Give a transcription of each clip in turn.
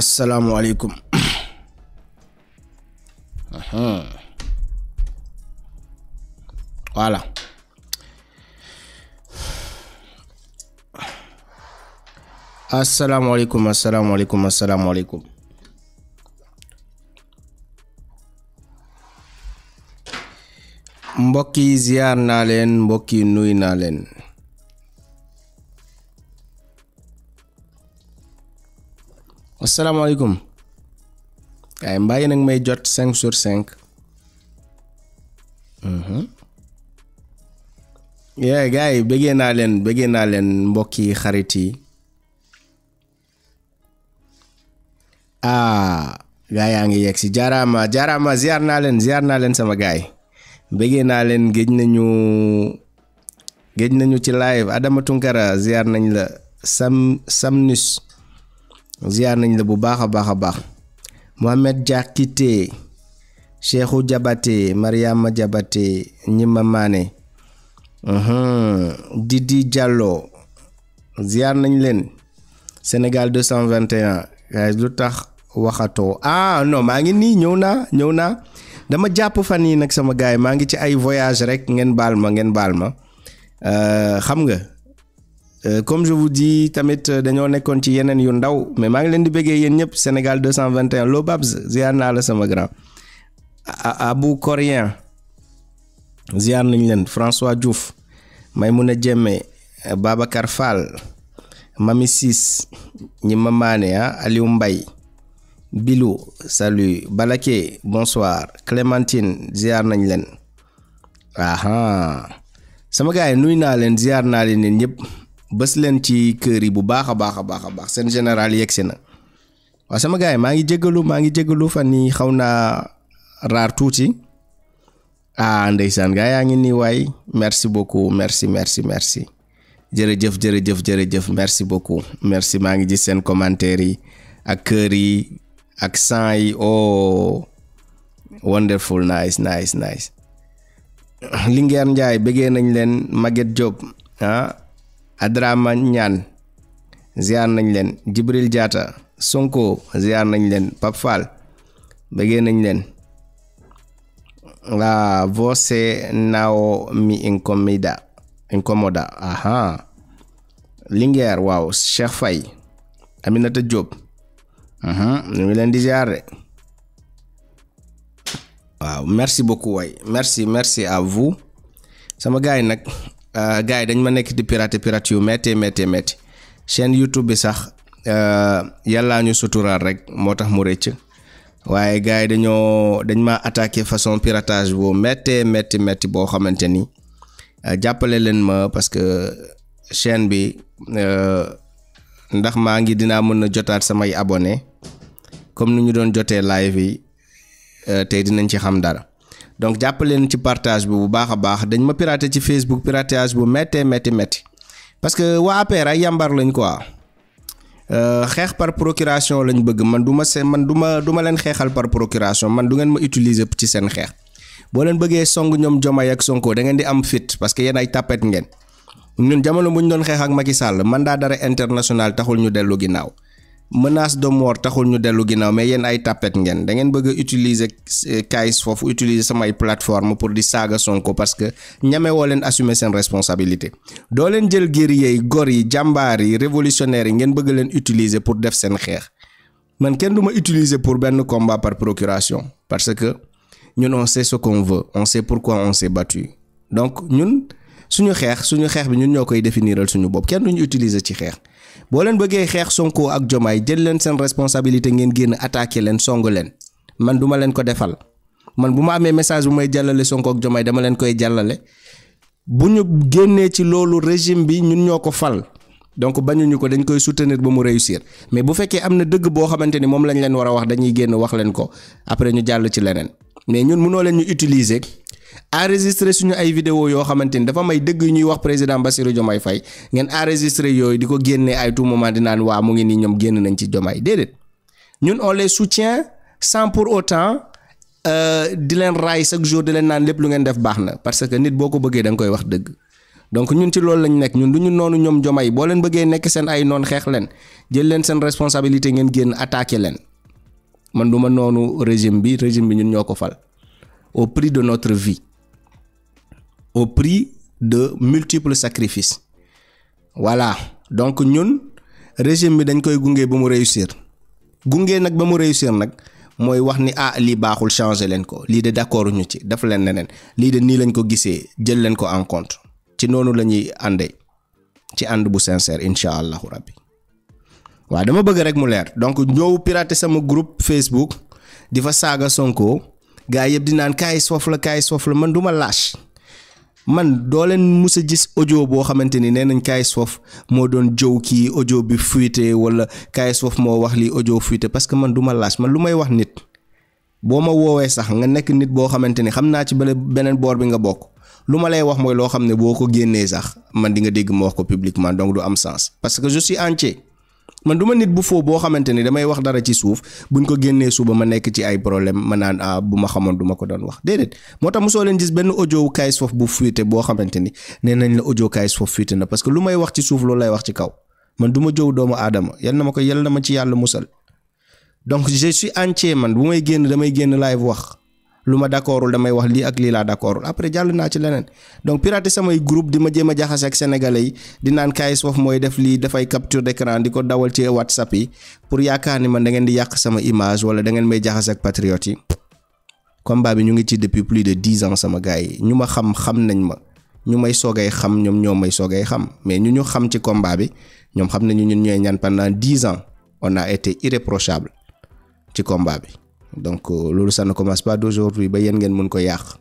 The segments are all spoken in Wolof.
asalaamaaleykum voilà asalaamaaleykum asalaamaaleykum asalaamaaleykum mbokk yi ziyaar naa leen mbokk yi nuy naa leen asalaamaaleykum waaye mbaa yi nag may jot cinq sur cinq mhm. yee gars yi bëggee naa leen bëggee naa leen mbokk yi xarit yi ah gars yaa ngi yegg si jaaraama jaaraama ziar naa leen ziar naa leen sama gars yi bëggee naa leen géej nañu géej nañu ci live Adama Tunkara ziar nañ la sam samnus ziar nañ la bu baax a baax a baax Mohamed Diakité Cheikhou Diabaté Mariama Diabaté Ñima Mané Didi jàlloo ziar nañ leen senegal 221 waaye lu tax waxatoo ah non maa ngi nii ñëw naa ñëw naa dama jàpp fan yi nag sama gars yi maa ngi ci ay voyage rek ngeen baal ma ngeen baal ma euh, xam nga Euh, comme je vous dis tamit euh, dañu nekkon ci yenen yu ndaw mais ma ngi leen di Sénégal 221 Lobabs, Babs ziar na la sama grand Abou Coréen ziar François Diouf Maymouna Djemé, Baba Fall Mami Sis ñi ma Bilou salut Balaké bonsoir Clémentine ziar nañ leen aha sama zian bës leen ci kër yi bu baax a baax a baax a baax seen général yegsi na waaw sama gars yi maa ngi jégalu maa ngi jégalu fan yi xaw naa raar tuuti ah ndeysaan gars yaa ngi ni waay merci beaucoup merci merci merci jërëjëf jërëjëf jërëjëf merci beaucoup merci maa ngi gis seen commentaire yi ak kër yi ak sang yi oh wonderful nice nice nice lingeer njaay bëggee nañ leen Maguette Diop ah Adramanyan ziar nañ leen Jibril Diatta Sonko ziar nañ leen Pape Fall bëggee nañ leen la voce mi Incomoda Incomoda aha Linguère wow, Cheikh Faye Aminata job aha ñu ngi leen di ziar wow merci beaucoup way merci merci à vous sama gaay nak Euh, gars yi dañ ma nekk di pirater pirate yu métti métti métti chaîne YouTube bi sax euh, yàllaa ñu suturaal rek moo tax mu rëcc waaye gars yi dañoo dañ ma attaque façon piratage bu mettee métti métti boo xamante ni euh, jàppale leen ma parce que chaîne bi ndax maa ngi dinaa mën a jotaat samay abone comme ni ñu doon jotee live yi tey dinañ ci xam dara donc jàppaleen ci partage bi bu baakha baax dañ ma pirater ci facebook piratage bu metti metti metti parce que wa APR ay yàmbar lañ quoi euh, xex par procuration lañ bëgg man duma man duma duma leen par procuration man du ngeen ma utiliser ci sen xex bo leen bëgge song ñom Diomaye ak Sonko da ngeen di am fit parce que yeen ay tapet ngeen ñun jamono buñ doon xex ak Macky Sall mandat d'arrêt international taxul ñu delu ginaaw menace de mort taxul ñu delu ginnaaw mais yeen ay tapet ngeen da ngeen bëgg utiliser KAYS eh, pour utiliser samay plateforme pour di saga Sonko parce que ñame woo leen assumer sen responsabilité do leen jël guerrier yi gor yi jàmbaar yi révolutionnaire yi ngeen bëgg leen utiliser pour def sen xeex man kenn duma utiliser pour ben combat par procuration parce que ñun on sait ce qu'on veut on sait pourquoi on s'est battu donc ñun suñu xeex suñu xeex bi ñun ñoo koy définiral suñu bopp kenn duñu utiliser ci xeex boo leen bëggee xeex Sonko ak Jomaay jël leen seen responsabilité ngeen génn attaqué leen song leen man duma leen ko defal man bu ma amee message bu may jàllale Sonko ak Jomaay dama leen koy jàllale bu ñu génnee ci loolu régime bi ñun ñoo ko fal donc bañuñu ko dañ koy soutenir ba mu réussir mais bu fekkee am na dëgg boo xamante ni moom lañu leen war a wax dañuy génn wax leen ko après ñu jàll ci leneen mais ñun mënoo leen ñu utiliser enregistré suñu ay vidéo yoo xamante ni dafa may dëgg ñuy wax président Bassirou Diomaye fay ngeen enregistré yooyu di ko génnee ay tout moment di naan waa mu ngi nii ñoom génn nañ ci Diomaye déedéet ñun on les soutient sans pour autant euh, di leen raay chaque jour di leen naan lépp lu ngeen def baax na parce que nit boo ko bëggee danga koy wax dëgg donc ñun ci loolu lañu nekk ñun du ñu noonu ñoom Diomaye boo leen bëggee nekk seen ay noon xeex leen jël leen seen responsabilité ngeen génn attaqué leen man du ma noonu régime bi régime bi ñun ñoo ko fal. au prix de notre vie, au prix de multiples sacrifices voilà donc nous régime bi dañ koy gungé mu réussir gungé nag ba réussir wax ni ah changer len ko de d'accord ñu ci daf len li de ni lañ ko gissé jël ko en compte ci nous, andé. ci bu sincère dama bëgg donc nous, pirater sama groupe Facebook di fa Sonko. gaa yëpp di naan kaay soof la kaay soof la man du ma lâche man doo leen mus a gis audio boo xamante ni nee nañ kaay soof moo doon jow kii audio bi fuité wala kaay soof moo wax lii audio fuité parce que man du ma man lu may wax nit boo ma woowee sax nga nekk nit boo xamante ni xam naa ci bale beneen boor bi nga bokk lu ma lay wax mooy loo xam ne boo ko génnee sax man di nga dégg ma wax ko publiquement donc du am sens parce que je man du ma nit bu foo boo xamante ni damay wax dara ci suuf buñ ko génnee suba ma nekk ci ay problème ma naan ah bu ma xamoon duma ko doon wax déedéet moo tax mosoo leen gis benn audio wu Kayz Fof bu fuité boo xamante ni nee nañ la audio Kayz Fof fuité na parce que lu may wax ci suuf loolu lay wax ci kaw man du ma jow doomu aadama yal na ma ko yal na ma ci yàlla musal donc je suis entier man bu may génn damay génn live wax lu ma d'accordul damay wax lii ak lii laa d'accordul après jàll naa ci leneen donc pirater samay groupe di ma jéem a jaxase ak sénégalais yi di naan KSFOF mooy def lii dafay capture d'écran di ko dawal ci WhatsApp yi pour yaakaar ni man da ngeen di yàq sama image wala da ngeen may jaxase ak patriote yi combat bi ñu ngi ci depuis plus de dix ans sama gars yi ñu ma xam xam nañ ma ñu may soogay xam ñoom ñoo may soogay xam mais ñu ñu xam ci combat bi ñoom xam nañu ñun ñooy ñaan pendant dix ans on a été irréprochable ci combat bi. donc euh, loolu ça ne commence pas d'aujourd'hui ba yéen ngeen mën ko yàq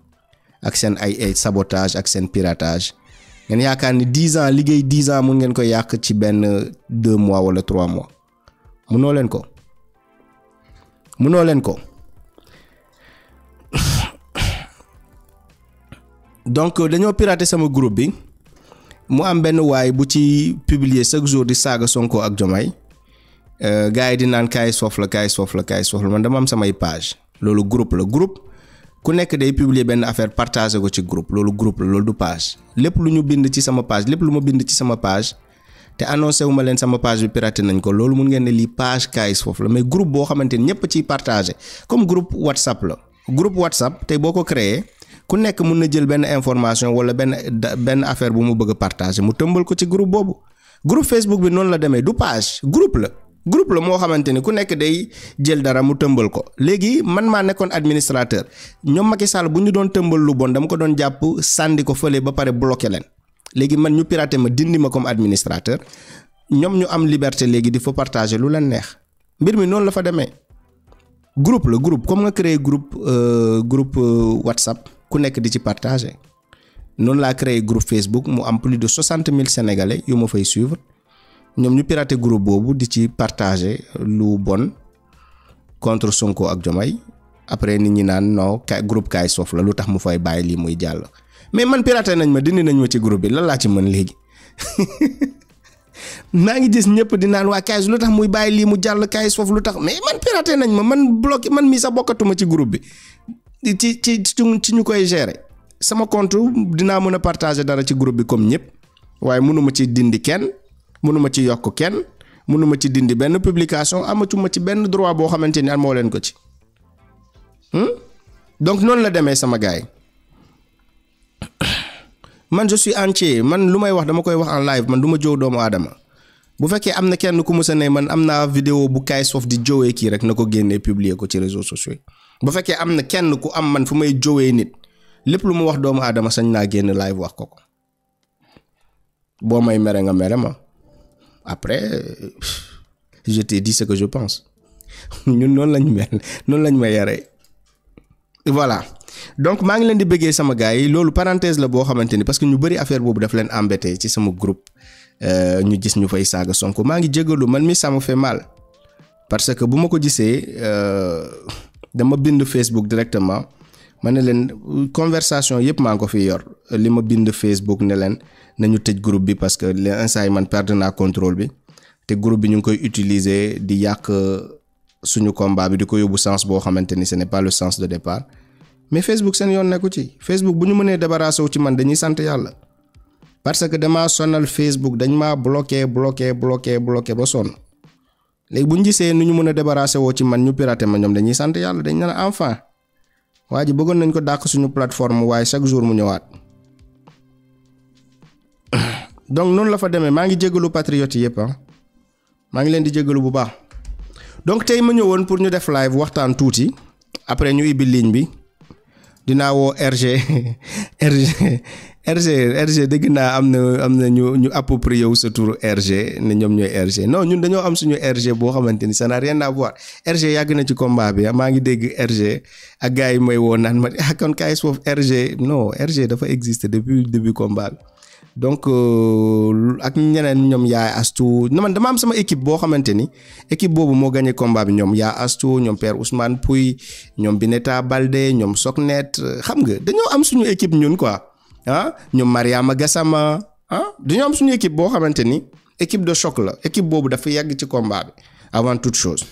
ak seen ay ay sabotage ak seen piratage ngeen yaakaar ni dix ans liggéey dix ans mun ngeen ko yàq ci benn deux mois wala trois mois munoo leen ko munoo leen ko donc euh, dañoo pirater sama groupe bi mu am benn waay bu ci publier chaque jour di saaga Sonko ak Diomaye Euh, gars yi di naan kaay soof la kaay soof la kaay soof la man dama am samay page loolu groupe la group ku nekk day publier benn affaire partager ko ci groupe loolu groupe la loolu du page lépp lu ñu bind ci sama page lépp lu ma bind ci sama page te annoncé wu leen sama page bi piraté nañ ko loolu mun ngeen ne lii page kaay soof la mais groupe boo xamante ni ñëpp ciy partagé comme groupe WhatsApp la groupe WhatsApp tey boo ko créé ku nekk mun na jël benn information wala benn benn affaire bu mu bëgg a partagé mu tëmbal ko ci groupe boobu groupe Facebook bi noonu la demee du page groupe la. groupe la moo xamante ni ku nekk day jël dara mu tëmbal ko léegi man maa nekkoon administrateur ñoom Macky Sall bu ñu doon tëmbal lu bon dama ko doon jàpp sànni ko fële ba pare bloqué leen léegi man ñu piraté ma dindi ma comme administrateur ñoom ñu am liberté léegi di fa partager lu leen neex mbir mi noonu la fa demee groupe la groupe comme nga créé groupe euh, groupe euh, WhatsApp ku nekk di ci partager noonu laa créé groupe Facebook mu am plus de soixante mille sénégalais yu ma fay suivre. ñoom ñu piraté group boobu di ci partager lu bon contre Sonko ak Diomaye après nit ñi naan noo kaay groupe soof la lu tax mu fay bàyyi lii muy jàll mais man piraté nañ ma dindi nañ ci groupe bi lan ci mën léegi maa ngi gis ñëpp di naan waa kaay lu tax muy bàyyi lii mu jàll kaay soof lu tax mais man piraté nañ ma man bloqué man mii sax bokkatuma ci groupe bi ci ci ci ñu koy gere sama contre dinaa mën a partager dara ci groupe bi comme ñëpp waaye mënuma ci dindi kenn. mënuma ci yokk kenn mënuma ci dindi benn publication amatuma ci benn droit boo xamante ni moo leen ko ci hmm? donc noonu la demee sama gaay man je suis entier man lu may wax dama koy wax en live man duma ma doomu aadama bu fekkee am na kenn ku mës a ne man am naa video bu kaay soof di jowee kii rek na ko génnee publier ko ci réseau sociaux bu fekkee am na kenn ku am man fu may jowee nit lépp lu ma wax doomu aadama sañ naa génn live wax ko ko boo may mere nga mere après euh, je t'ai dit ce que je pense ñun la lañu mel noonu lañu ma yaree voilà donc maa ngi leen di bëggee sama gaay lolu parenthèse la bo xamante parce que ñu bari affaire bobu daf leen embêté ci sama groupe euh, ñu gis ñu fay saaga Sonko maa ngi jégalu man mi ça me fait mal parce que bu ma ko euh dama bind Facebook directement ma leen conversation yépp maa ngi ko fi yor li ma bind Facebook ne nañu tëj group bi parce que les instant yi man perdre naa bi te groupe bi ñu ngi koy utiliser di yàq euh, suñu combat bi di ko yóbbu sens boo xamante ni ce n'est pas le sens de départ mais Facebook seen yoon nekku ci Facebook bu ñu mënee débarrassé wu ci man dañuy sant yàlla parce que damaa sonal Facebook dañ maa bloqué bloqué bloqué bloqué ba sonn léegi bu ñu gisee nu ñu mën a débarrassé woo ci man ñu piraté ma ñoom dañuy sant yàlla dañ ne la enfin waa ji bëggoon nañ ko dàq suñu plateforme waaye chaque jour mu ñëwaat. donc noonu la fa demee maa ngi jégalu patriotes yëpp ah. maa ngi leen di jégalu bu baax donc tey ma ñëwoon pour ñu def live waxtaan tuuti après ñu ibbi ligne bi dinaa woo RG RG RG RG dégg naa am na am na ñu ñu approprié wu sa tour RG ne ñoom ñooy RG non ñun dañoo am suñu RG boo xamante ni ça n'a rien à yàgg na ci combat bi ah. maa ngi dégg RG ak yi may woo naan ma ah kon kaay foofu RG non RG dafa exister depuis début combat bi. donc euh, ak ñeneen ñoom yaay astu na man dama am sama équipe boo xamante ni équipe boobu moo gagné combat bi ñoom yaa astu ñoom père Ousmane Pouy ñoom Bineta Balde ñoom Soknet xam nga dañoo am suñu équipe ñun quoi ah ñoom Mariama Gassama ah dañoo am suñu équipe boo xamante ni équipe de choc la équipe boobu dafa yàgg ci combat bi avant tout chose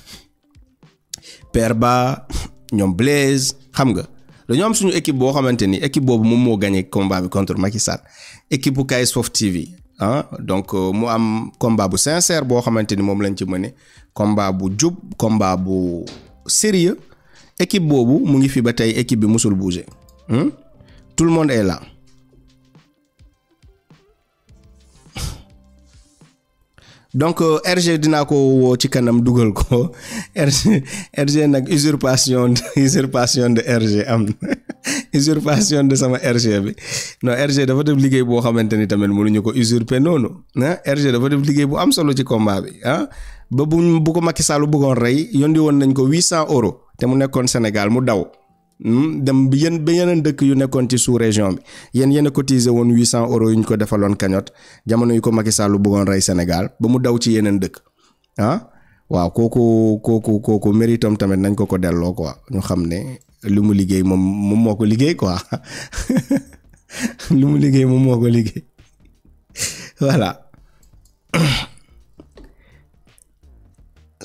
père Ba ñoom Blaise xam nga. Le am suñu équipe boo xamante ni équipe boobu moom moo gagné combat bi contre Macky Sall équipe KS Fof TV ah donc euh, mu am combat bu sincère boo xamante ni moom lañ ci mëne combat bu jub combat bu sérieux équipe boobu mu ngi fi ba équipe bi musul bouger hmm? tout le monde est là. donc euh, RG dinaa ko woo ci kanam dugal ko RG RG nag usurpation usurpation de RG am na usurpation de sama RG bi non RG dafa def liggéey boo xamante ni tamit mënuñu ko usurper noonu ah RG dafa def liggéey bu am solo ci combat bi ah. ba bu bu ko Macky Sall bëggoon rey yondi woon nañ ko huit cent euros te mu nekkoon Sénégal mu daw. Hmm, dem yéen ba yeneen dëkk yu nekkoon ci sous région bi yéen yéen a cotisé woon huit cent euros yu ñu ko defaloon cagnotte jamono yu ko Macky Sall bëggoon rey senegal ba mu daw ci yeneen dëkk ah waaw kooku kooku kooku méritam tamit nañ ko ko delloo ko ñu xam ne li mu liggéey moom moom moo ko liggéey quoi lu mu liggéey moom moo ko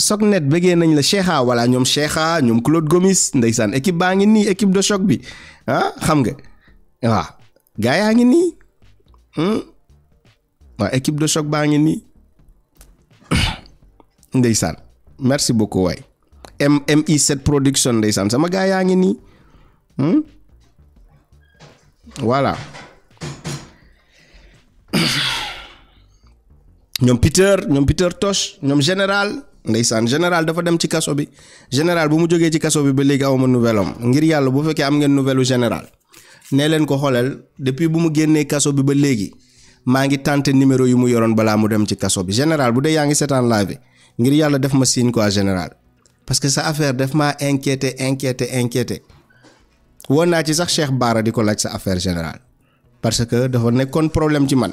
Sognet bëggee nañ la Cheikha wala ñoom Cheikha ñoom Claude Gomis ndeysaan équipe baa ngi nii équipe de choc bi ah xam nga waaw gaa yaa ngi nii hmm, waaw équipe de choc baa ngi nii ndeysaan merci beaucoup waay production ndeysaan sama gaa yaa ngi nii hmm, voilà ñoom Peter ñoom Peter Tosh ñoom général ndeysaan général dafa dem ci kaso bi général bu mu jógee ci kaso bi ba léegi awma nouvelle am ngir yàlla bu fekkee am ngeen nouvelle général nee leen ko xoolal depuis bu mu génnee kaso bi ba léegi maa ngi tenté numéro yi mu yoroon balaa mu dem ci kaso bi général bu dee yaa ngi seetaan bi ngir yàlla def ma signe quoi général parce que sa affaire def maa inquiété inquiété inquiété woon naa ci sax Cheikh Baara di ko laaj sa affaire général parce que dafa nekkoon problème ci man.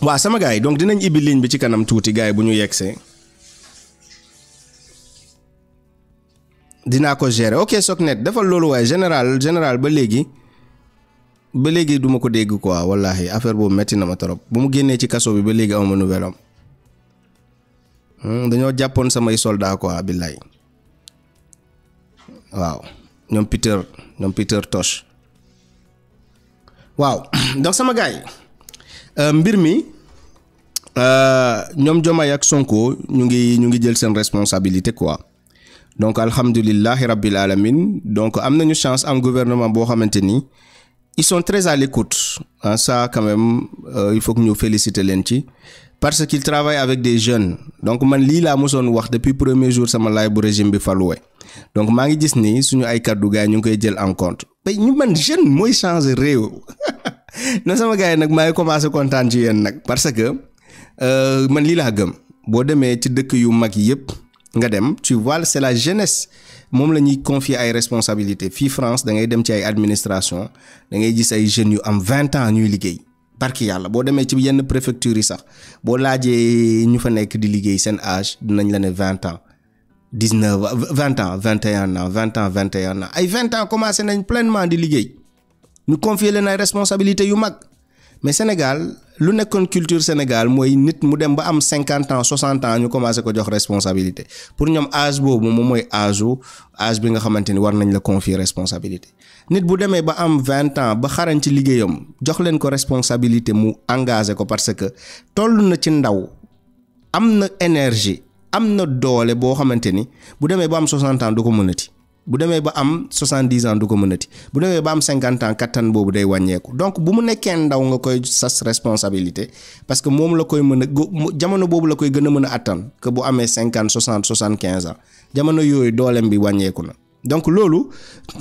waa sama gars yi donc dinañ ibbi ligne bi ci kanam tuuti gars yi bu ñu yegsee dinaa ko gere ok Soknet defal loolu waaye général général ba léegi ba léegi duma ko dégg quoi wallahi affaire boobu metti na ma trop bu mu génnee ci kaso bi ba léegi amuma nouvelle am hmm, dañoo jàppoon samay soldat quoi billaay waaw ñoom Peter ñoom Peter Tosh waaw donc sama gars Euh, mbir mi euh, ñoom jomay ak Sonko ñu ngi ñu ngi jël seen responsabilité quoi donc alhamdulillahi rabbil alamin donc am nañu chance am gouvernement boo xamante ni ils sont très à l'écoute hein, ça quand même euh, il faut que ñu féliciter leen ci parce qu'ils travaillent avec des jeunes donc man lii laa mosoon wax depuis premier jour sama laay bu régime bi falloué donc maa ngi gis ni suñu ay kaddu gaay ñu ngi koy jël en compte mais ñu man jeune mooy changer réew non sama gars yi nag maa ngi ci yéen parce que euh, man lii laa gëm boo demee ci dëkk yu mag nga dem tu vois c'est la jeunesse moom la ñuy confier ay responsabilité En France da ngay dem ci ay administration da ngay gis ay jeunes yu am 20 ans ñuy liggéey barki yàlla boo demee ci yenn préfecture yi sax boo laajee ñu fa nekk di liggéey âge dinañ la ne 20 ans. 19 20 ans 21 ans 20 ans 21 ans ay 20 ans commencé nañ pleinement di liggéey ñu confier leen ay responsabilités yu mag mais Sénégal lu nekkoon culture Sénégal mooy nit mu dem ba am 50 ans 60 ans ñu commencé ko jox responsabilité pour ñoom âge boobu moom mooy âge âge bi nga xamante ni war nañ la confier responsabilité nit bu demee ba am 20 ans ba xarañ ci liggéeyam jox leen ko responsabilité mu engagé ko parce que toll na ci ndaw am na énergie am na doole boo xamante ni bu demee ba am 60 ans du ko mënati bu vous ba 70 ans de ko mën a bu ba am 50 ans kattan boobu day wàññeeku donc bu mu nekkee ndaw nga koy responsabilité parce que moom la koy jamono la koy bu 50 60 75 ans jamono yooyu dooleem bi wàññeeku na donc nous,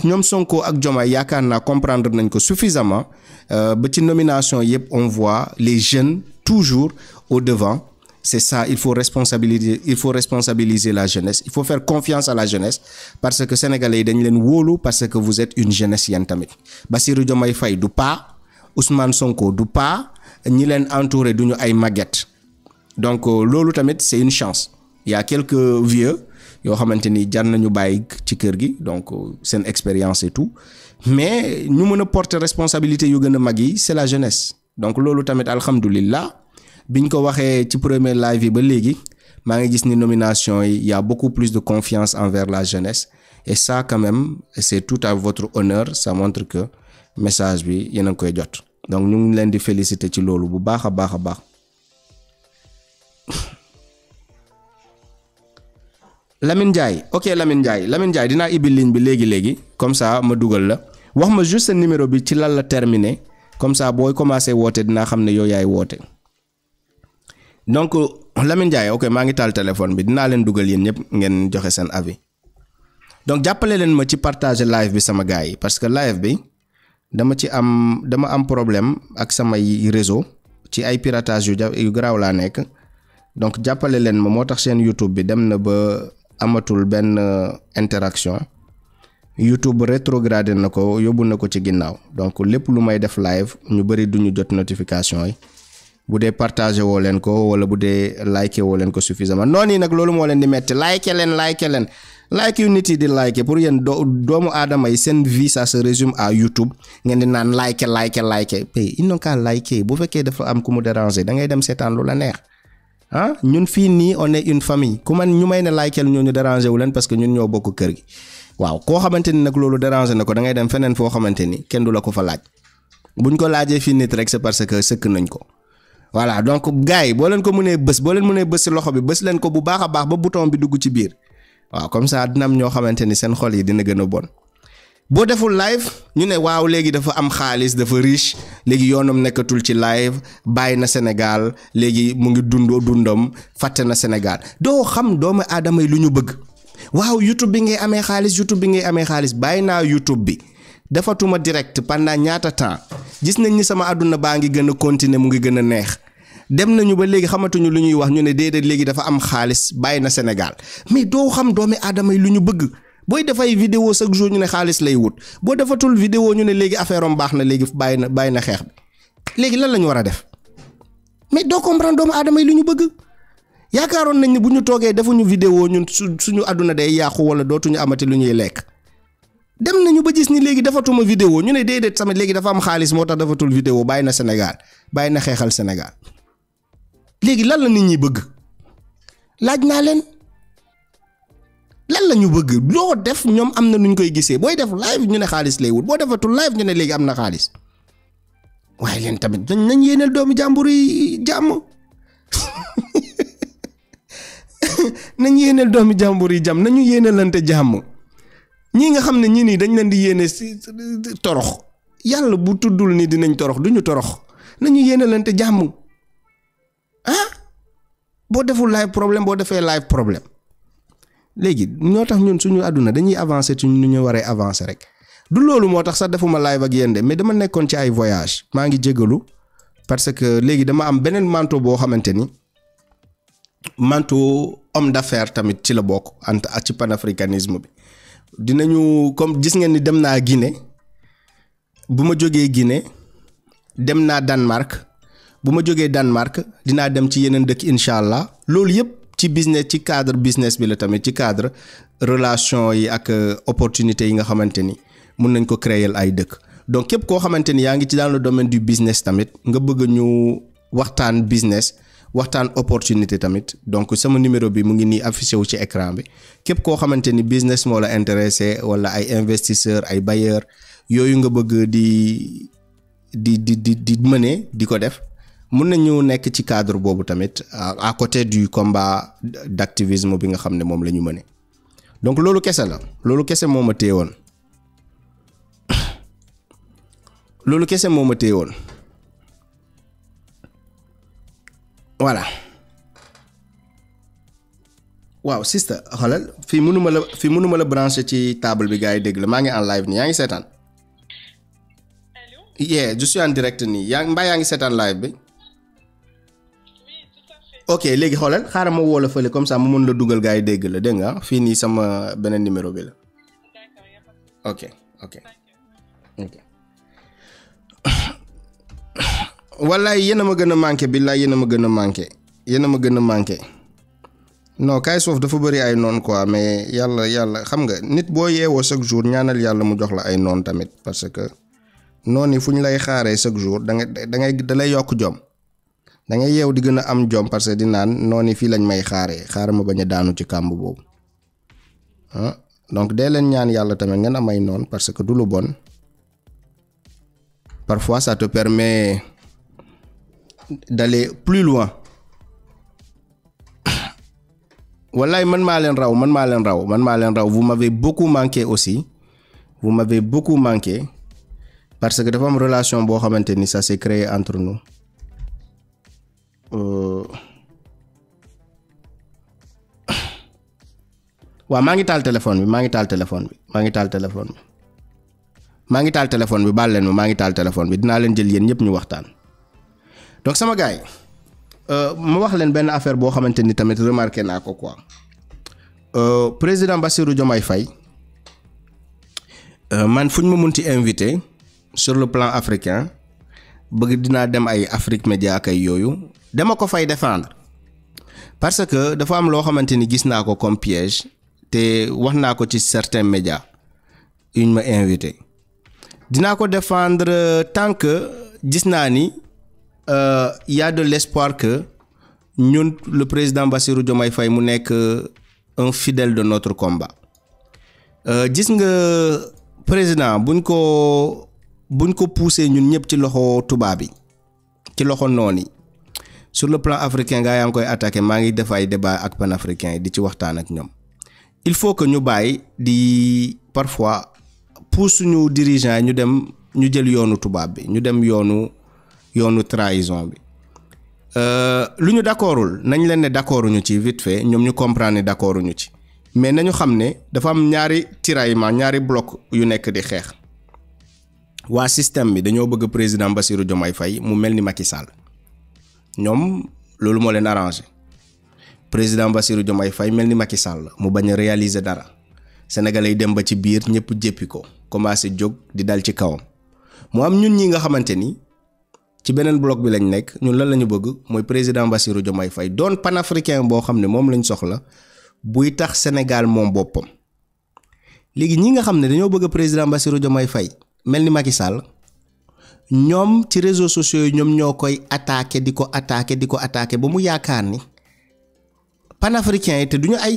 nous sonko ak jomay yaakaar comprendre nañ ko suffisamment euh, ba ci nomination yépp on voit les jeunes toujours au devant c'est ça, il faut responsabiliser, il faut responsabiliser la jeunesse. Il faut faire confiance à la jeunesse parce que Sénégalais dañ leen wolo parce que vous êtes une jeunesse yéen tamit Bassirou Diomaye Faye du pas Ousmane Sonko du pas ñi sont entourés duñu ay donc euh, loolu tamit c'est une chance il y a quelques vieux yo xamanteni ni jar nañu bàyyi ci kër gi donc euh, sen expérience et tout mais ñu mën porter responsabilité yu gëna c'est la jeunesse donc lolu tamit alhamdulillah biñ ko waxee ci premier live yi ba léegi maa ngi gis ni nomination yi y a beaucoup plus de confiance envers la jeunesse et ça quand même c'est tout à votre honneur ça montre que message bi yéen a koy jot donc ñu ngi leen di féliciter ci loolu bu baax a baax a baax Lamine Ndiaye ok Lamine Ndiaye Lamine Ndiaye dinaa ibbi ligne bi léegi léegi comme ça ma dugal la wax ma juste numéro bi ci lan la terminé comme ça booy commencé woote dinaa xam ne yow yaay woote donc Lamine Ndiaye ok maa ngi taal téléphone bi dinaa leen dugal yéen ñëpp ngeen joxe seen avis donc jàppale leen ma ci partager live bi sama gars yi parce que live bi dama ci am dama am problème ak sama réseau ci ay piratage yu ja yu garaaw laa nekk donc jàppale leen ma moo tax seen YouTube bi dem na ba amatul benn euh, interaction YouTube rétrogradé na ko yóbbu na ko ci ginnaaw donc lépp lu may def live ñu bari duñu jot notification yi. bu dee partagé woo leen ko wala bu dee like woo leen ko suffisamment noonu yi nag loolu moo leen di metti like leen like leen like yu nit yi di like pour yéen doo doomu aadama yi seen vie ça se résume à YouTube ngeen di naan like like like pay il nonka like bu fekkee dafa am ku mu déranger dangay dem seetaan lu la neex ah ñun fii nii on est une famille ku ñu may ne likeel ñooñu ñu déranger leen parce que ñun ñoo bokk kër gi waaw koo xamante ni nag loolu déranger na ko da ngay dem feneen foo xamante ni kenn du la ko fa laaj buñ ko laajee fii nit rek c'est parce que sëkk nañ ko. voilà donc gars yi boo leen ko mënee bës booleen munee mënee bës si loxo bi bës leen ko bu baax a baax ba bouton bi dugg ci biir waaw comme ça dina ñoo xamante ni seen xol yi dina gën a bon boo deful live ñu ne waaw léegi dafa am xaalis dafa riche léegi yoonam nekkatul ci live bàyyi na senegal léegi mu ngi dundoo dundam fàtte na senegal doo xam doomu aadama yi lu ñu bëgg waaw YouTube bi ngay amee xaalis YouTube bi ngay amee xaalis bàyyi naa YouTube bi. defatuma direct pendant ñaata temps gis nañ ñi sama àdduna baa ngi gën a continuer mu ngi gën a neex dem nañu ba léegi xamatuñu lu ñuy wax ñu ne déedéet léegi dafa am xaalis bàyyi na Sénégal mais doo xam doomi aadama yi lu ñu bëgg booy dafay vidéo chaque jour ñu ne xaalis lay wut boo defatul vidéo ñu ne léegi affaire am baax na léegi bàyyi na bàyyi na xeex léegi lan la ñu war a def mais doo comprendre doomu aadama yi lu ñu bëgg yaakaaroon nañ ne bu ñu toogee defuñu vidéo ñun su suñu àdduna day yàqu wala dootuñu amati lu ñuy lekk. dem nañu ba gis ni léegi dafatuma vidéo ñu ne déedéet tamit léegi dafa am xaalis moo tax dafatul vidéo bàyyi na senegaal bàyyi na xeexal Sénégal léegi lan la nit ñi bëgg laaj naa leen lan la ñu bëgg loo def ñoom am na nuñ koy gisee booy def live ñu ne xaalis lay wut boo defatul live ñu ne léegi am na xaalis waaye leen tamit dañ nañ yéeneel doomu jàmbur yi jàmm nañ yéeneel doomu jàmbur yi jàmm nañu yéenelante jàmm ñii nga xam ne ñii nii dañ leen di yéene si torox yàlla bu tuddul nii dinañ torox duñu torox nañu yéene leen te jàmm ah boo deful live problème boo defee live problème léegi ñoo tax ñun suñu àdduna dañuy avancer ci ñu ñu waree avancer rek du loolu moo tax sax defuma live ak yéen de mais dama nekkoon ci ay voyage maa ngi jégalu parce que léegi dama am beneen manteau boo xamante ni manteau homme d'affaires tamit ci la bokk ant ak ci panafricanisme bi dinañu comme gis ngeen ni dem naa Guinée bu ma jógee gine dem naa Danemark bu ma jógee Danemark dinaa dem ci yeneen dëkk incha allah loolu yëpp ci business ci cadre business bi la tamit ci cadre relation yi ak euh, opportunité yi nga xamante ni mun nañ ko créer ay dëkk donc képp koo xamante ni yaa ngi ci dans le domaine du business tamit nga bëgg ñu waxtaan business waxtaan opportunité tamit donc sama numéro bi mu ngi nii affiché wu ci écran bi képp koo xamante ni business moo la intéressé wala ay investisseur ay bailleur yooyu nga bëgg di di di di di mëne di ko def mun nañu nekk ci cadre boobu tamit à côté du combat d'activisme bi nga xam ne moom la ñu mëne donc loolu kese la loolu kese moom ma téye woon loolu kese moom ma téye woon voilà waaw sister xoolal fii mënuma la fii mënuma la branché ci taabal bi gaa yi dégg la maa ngi en live nii yaa ngi seetaan yeah je direct nii yaa mbaa yaa ngi seetaan live bi ok léegi xoolal xaaral ma woo la comme ça mu mën la dugal gaa yi dégg la dégg nga fii nii sama beneen numéro bi la ok ok wallahi yena ma gëna manké billahi yena ma gëna manké yena ma gëna manké non kay sof dafa bari ay non quoi mais yalla yalla xam nga nit boye yéwo chaque jour ñaanal yalla mu jox la ay non tamit parce que non yi fuñ lay xaaré chaque jour da nga da ngay da lay yok jom da ngay di gëna am jom parce que di naan non yi fi lañ may xaaré xaar ma bañ daanu ci kàmb boobu hein ah, donc dee leen ñaan yalla tamit ngeen am ay non parce que du lu bon parfois ça te permet. d'aller plus loin wallahi man maa leen raw man maa raw man maa raw vous m'avez beaucoup manqué aussi vous m'avez beaucoup manqué parce que dafa am relation bo xamanteni ça s'est créé entre nous euh. waaw maa ngi tal téléphone bi maa ngi téléphone bi maa ngi téléphone bi ngi téléphone bi baal leen ma maa ngi téléphone bi dina len jël yéen ñëpp ñu waxtaan donc sama gaay euh ma wax len ben affaire bo xamanteni tamit remarqué na ko quoi euh président Bassirou Diomaye Faye euh man fuñ ma munti invité sur le plan africain bëgg dina dem ay Afrique Media kay yoyu dama ko fay défendre parce que dafa am lo xamanteni gis na ko comme piège té wax na ko ci certains médias yuñ ma invité dina ko défendre tant que gis na ni euh, y a de l'espoir que ñun le président Bassirou Diomaye fay mu nekk euh, un fidèle de notre combat euh, gis nga président buñ ko buñ ko poussé ñun ñëpp ci loxo tubaab yi ci loxo noon yi sur le plan africain gaa yaa ngi koy attaqué maa ngi def ay débat ak panafricain yi di ci waxtaan ak ñoom il faut que ñu bàyyi di parfois pousse suñu dirigeant yi ñu dem ñu jël yoonu tubaab bi ñu dem yoonu yoonu trahison bi euh, lu ñu d'accordul nañ leen ne d'accorduñu ci vite fait ñoom ñu comprendre ne d'accorduñu ci mais nañu xam ne dafa am ñaari tiraillement ñaari block yu nekk di xeex waa système bi dañoo bëgg président Bassirou Diomaye fay mu mel ni Macky Sall ñoom loolu moo leen arrangé président Bassirou ay fay mel ni Macky Sall mu bañ a réaliser dara sénégalais yi dem ba ci biir ñëpp jëppi ko commencé jóg di dal ci kawam mu am ñun ñi nga xamante ni ci beneen bloc bi lañ nekk ñun lan la ñu bëgg mooy président Bassirou Diomaye Faye doon panafricain boo xam ne moom lañ soxla buy tax Sénégal moom boppam léegi ñi nga xam ne dañoo bëgg président Bassirou Diomaye fay mel ni Macky Sall ñoom ci réseau sociaux yi ñoom ñoo koy attaqué di ko attaqué di ko attaqué ba mu yaakaar ni panafricain africain te du ay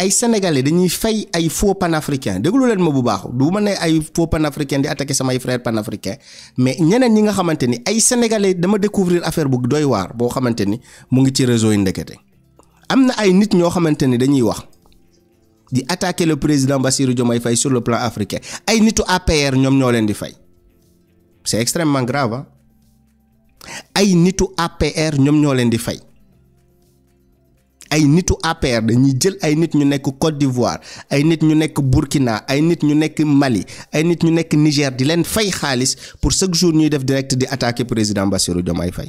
ay sénégalais dañuy fay ay faux panafricain déglu leen ma bu baax du ma né ay faux panafricain di attaquer sama frère panafricain mais ñeneen ñi nga xamanteni ni ay sénégalais dama découvrir affaire bu doy war bo xamanteni ni mu ngi ci réseau yi ndekété amna ay nit ñoo xamanteni dañuy wax di attaquer le président Bassirou Diomaye Faye sur le plan africain ay nitu APR ñom ñoo leen di fay c'est extrêmement grave hein. ay nitu APR ñom ñoo leen di fay ay nitu APR dañuy jël ay nit ñu nekk Côte d'Ivoire ay nit ñu nekk Burkina ay nit ñu nekk Mali ay nit ñu nekk Niger di leen fay xaalis pour chaque jour ñuy def direct di attaquer président Bassirou Diomaye Fay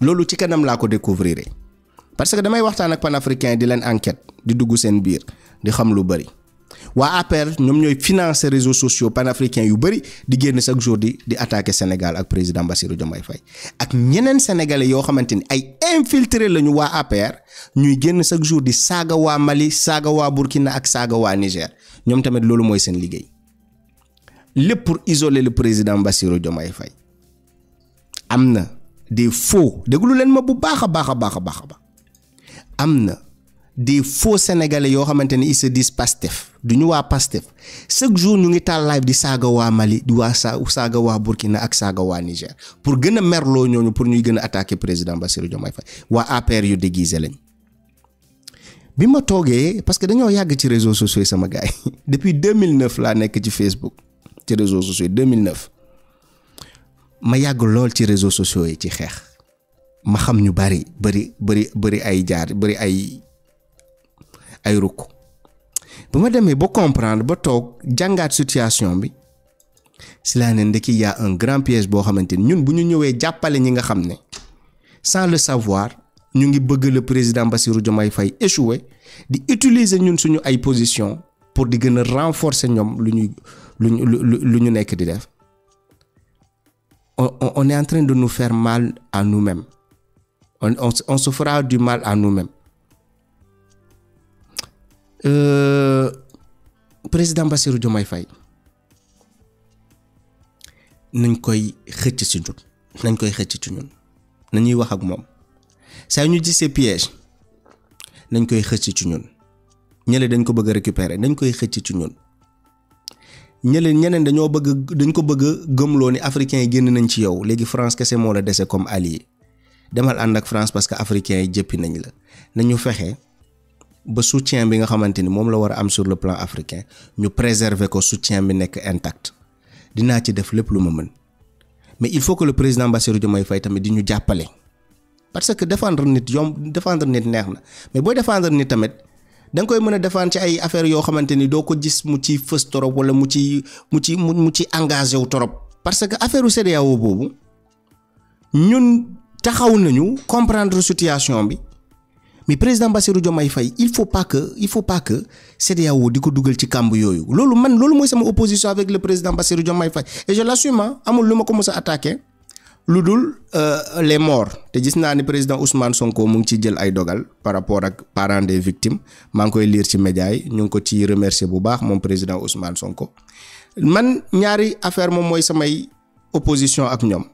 lolu ci kanam la ko découvrir parce que damay waxtaan ak panafricain di leen enquête di dugg seen biir di xam lu bari waa APR ñoom ñooy financer réseaux sociaux panafricains yu bëri di génn chaque jour di di attaquer Sénégal ak président Bassirou Diomaye fay ak ñeneen sénégalais yoo xamante ni ay infiltré lañu waa APR ñuy génn chaque jour di saaga waa Mali saaga waa Burkina ak saaga waa Niger ñoom tamit loolu mooy seen liggéey lépp pour isoler le président Bassirou ay fay am na des faux déglu leen ma bu baax a baax a baax a baax am na. des faux sénégalais yoo xamante ni ils se disent Pastef du ñu waa Pastef chaque jour ñu ngi taal di saaga waa Mali di waa sa saaga waa Burkina ak saaga waa Niger pour gën a merloo ñooñu pour ñuy gën a attaquer président Bassirou Diomaye fa waa APR yu déguisé lañ bi ma toogee parce que dañoo yàgg ci réseaux sociaux yi sama gars yi depuis 2009 laa nekk ci Facebook ci réseaux sociaux yi 2009 ma yàgg lool ci réseau sociaux yi ci xeex ma xam ñu bari bari bari bari ay jaar bari ay. ay rukk bu ma demee ba comprendre ba tok jangat situation bi si ne un grand piège bo xamante ñun buñu ñëwé jappalé ñi nga xamné sans le savoir ñu ngi bëgg le président Bassirou Diomaye Faye échouer di utiliser ñun suñu ay position pour di gëna renforcer ñom luñu luñu nekk di def on est en train de nous faire mal à nous-mêmes on on se fera du mal à nous-mêmes Euh, président Bassirou Diomaye fay nañ koy xëcc ci ñun koy xëcc ci ñun nañuy wax ak moom saa ñu gisee piège nañ koy xëcc ci ñun ñële dañ ko bëgg a récupérer nañ koy xëcc ci ñun ñële ñeneen dañoo bëgg dañ ko bëgg a gëmloo ni africains yi génn nañ ci yow léegi France kese moo la dese comme allié demal ànd ak France parce que africains yi jëppi nañ la nañu fexe. ba soutien bi nga xamanteni mom la wara am sur le plan africain ñu préserver ko soutien bi nek intact Dina ci def lepp luma ma mën mais il faut que le président Bassirou Diomaye Faye tamit di ñu jappalé parce que défendre nit yomb défendre nit neexna mais boy défendre nit tamit dang koy mëna défendre ci ay affaires yo xamanteni do ko gis mu ci fës torop wala mu ci mu ci mu ci engagé wu torop parce que affaire u e bobu ñun taxaw nañu comprendre situation bi mais président Bassirou Diomaye Faye il faut pas que il faut pas que c'est diko dougal ci C'est yoyu lolou man lolou moy sama opposition avec le président Bassirou Diomaye Faye et je l'assume hein, amul luma ko mos attaquer, ludul euh, les morts te gis ni président Ousmane Sonko mu ngi ciy jël ay dogal par rapport ak parents des victimes Je koy lire ci médias yi ñu ko ci remercier bu baax président Ousmane Sonko man ñaari affaire mom moy sama opposition ak ñom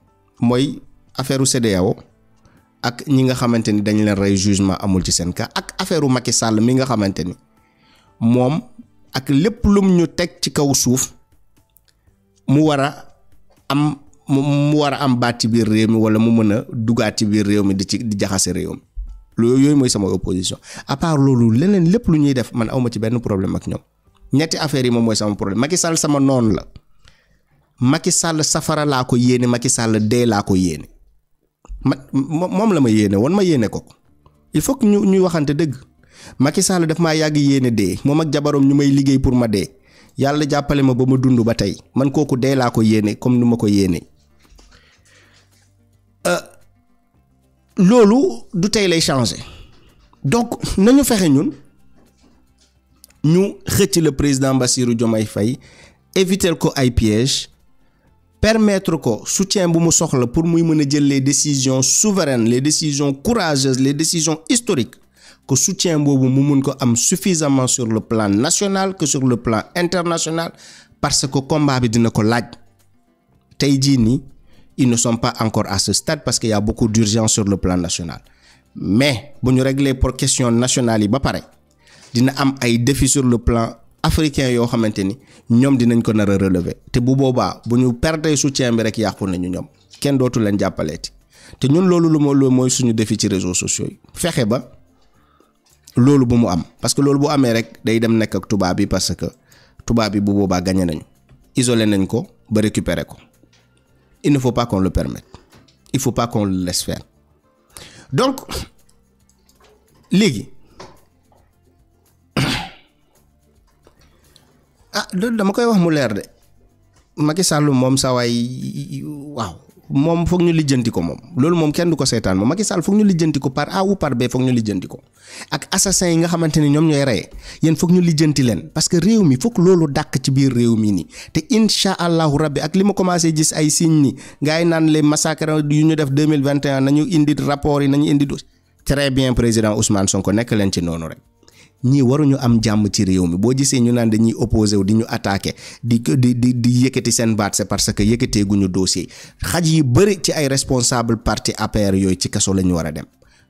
moy affaire ak ñi nga xamante ni dañ leen rey jugement amul ci seen cas ak affaire u Macky Sall mi nga xamante ni moom ak lépp lum ñu teg ci kaw suuf mu war a am mu war a am baat ci biir réew mi wala mu mën a dugaat ci biir réew mi di ci di jaxase réew mi loolu yooyu mooy sama opposition à part loolu leneen lépp lu ñuy def man awma ci benn problème ak ñoom ñetti affaire yi moom mooy sama problème Macky Sall sama noon la Macky Sall safara laa ko yéene Macky Sall dee laa ko ma moom la ma yéene woon ma yéene ko ko il faut que ñu ñuy waxante dëgg Macky Sall daf maa yàgg yéene dee moom ak jabaroom ñu may liggéey pour ma dee yàlla jàppale ma ba ma dund ba tey man kooku dee laa ko yéene comme nu ma ko yéene. Euh, loolu du tey lay changé donc nañu fexe ñun ñu xëcc le président Bassirou Diomaye Faye éviter ko ay pièges. permettre ko soutien bu mu pour muy les décisions souveraines les décisions courageuses les décisions historiques que soutien bobu mu suffisamment sur le plan national que sur le plan international parce que combat bi dina ko ils ne sont pas encore à ce stade parce qu'il y a beaucoup d'urgence sur le plan national mais buñu régler pour question nationale yi ba paré dina am ay défis sur le plan africain yo xamanteni ni dinañ ko nara relever te bu boba bu ñu perdre soutien bi rek yàqu nañu ñom kenn dootu leen jappalé te ñun lolu lu moo moy suñu défi ci réseaux sociaux fexé ba lolu bu mu am parce que lolu bu amé rek day dem nek ak tubaab bi parce que tubaab bi bu boba gagné nañ isolé nañ ko ba récupérer ko il ne faut pas qu'on le permette il faut pas qu'on le laisse faire donc légui ah loolu dama koy wax mu leer de Macky Sall moom saa waay waaw moom foog ñu lijjanti ko moom loolu moom kenn du ko seetaan moom Macky Sall foog ñu lijjanti ko par A ou par B foog ñu lijjanti ko ak assassin yi nga xamante ne ñoom ñooy rey yéen foog ñu lijjanti leen parce que réew mi foog loolu dàq ci biir réew mi nii te incha allahu rabbi ak li ma commencé gis ay signes ni gars naan les massacres yu ñu def deux mille vingt et un nañu indi rapport yi nañu indi très bien président Ousmane Sonko nekk leen ci noonu rek. ñii waruñu am jàmm ci réew mi boo gisee ñu naan dañuy opposé wu di ñu attaqué di di di yëkkati seen baat c'est parce que yëkkateeguñu dossier xaj yi bëri ci ay responsable parti APR yooyu ci kaso la ñu war a dem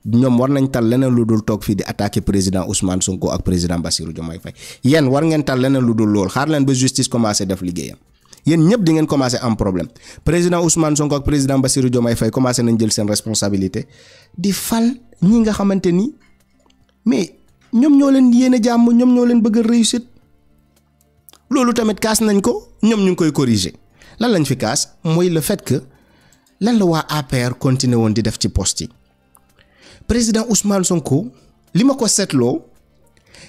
ñoom war nañ tal leneen lu dul toog fii di attaqué président Ousmane Sonko ak président Bassirou Diomaye Faye yéen war ngeen tal leneen lu dul lool xaar leen ba justice commencé def liggéeyam yéen ñëpp di ngeen commencé am problème président Ousmane Sonko ak président Bassirou Diomaye Faye commencé nañ jël seen responsabilité di fal ñi nga xamante ni ñom ñoo leen yéene jàmm bëgg réussite tamit kaas nañ ko ñu koy corriger le fait que lan la APR continuer woon di def ci poste président Ousmane Sonko li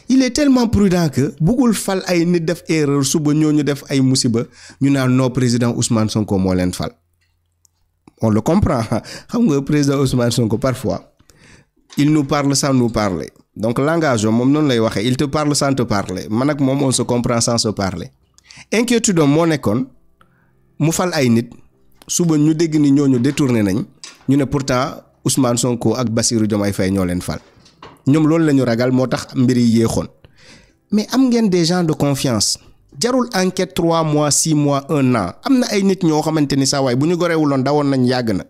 il est tellement prudent que beaucoup fal ay nit def erreur suba def ay musiba ñu président Ousmane Sonko on le comprend xam nga président Ousmane Sonko parfois il nous parle sans nous parler donc langage mom non lay waxe il te parle sans te parler man ak moom on se comprend sans se parler inquiétude am moo nekkoon mu fal ay nit suba ñu dégg ni ñoñu détourné nañ ñu ne pourtant Ousmane Sonko ak Basirou Diomaye Faye ñoo leen fal ñom loolu lañu ragal motax tax mbir yi yéexoon mais am ngeen des gens de confiance jarul enquête 3 mois 6 mois 1 an amna ay nit ñoo xamanteni sa way waay bu ñu goreewuloon dawoon nañ yàgg na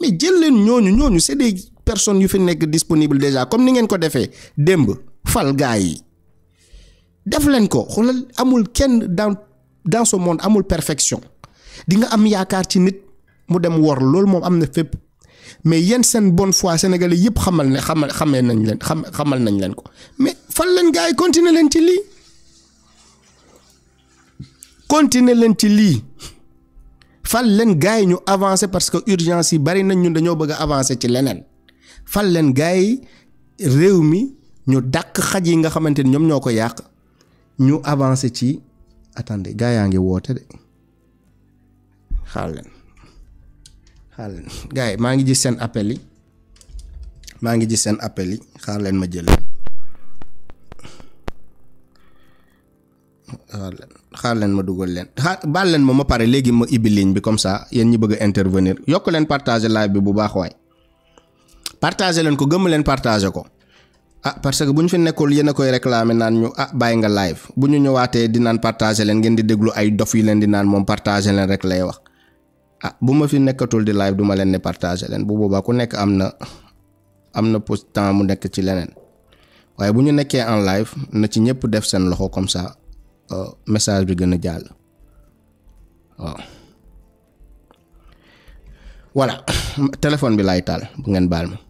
mais jël leen ñoñu ñoñu c'est des Personne n'est fi disponible déjà comme ni ngeen ko fal def dans dans ce monde amul perfection di nga am ci nit mu dem wor mais yeen sen bonne foi sénégalais xamal nañ xamal nañ ko mais fal gaay continuer ci ci fal ñu avancer parce que urgence bari nañ ñun bëgg avancer ci fal leen gars yi réew mi ñu dàq xaj yi nga xamante ni ñoom ñoo ko yàq ñu avancé ci attendez gars yaa ngi woote de xaar leen xaar yi maa ngi gis seen appel yi maa ngi gis seen appel yi ma jël xaar leen xaar leen ma dugal leen xaar baal leen ma ma pare léegi ma ibbi ligne bi comme ça yéen ñi bëgg a intervenir yokk leen partager live bi bu baax waay. partagé leen ko gëmm leen partagé ko ah parce que bu ñu fi nekkul yéen a koy réclamer naan ñu ah bàyyi nga live bu ñu ñëwaatee di naan partagé leen ngeen di déglu ay dof yi leen di naan moom partagé leen rek lay wax ah bu ma fi nekkatul di live duma leen ne partagé leen bu boobaa ku nekk am na am na post temps mu nekk ci leneen waaye bu ñu nekkee en live na ci ñëpp def seen loxo comme sa euh, message bi gën a jàll waaw voilà téléphone bi laay taal bu ngeen baal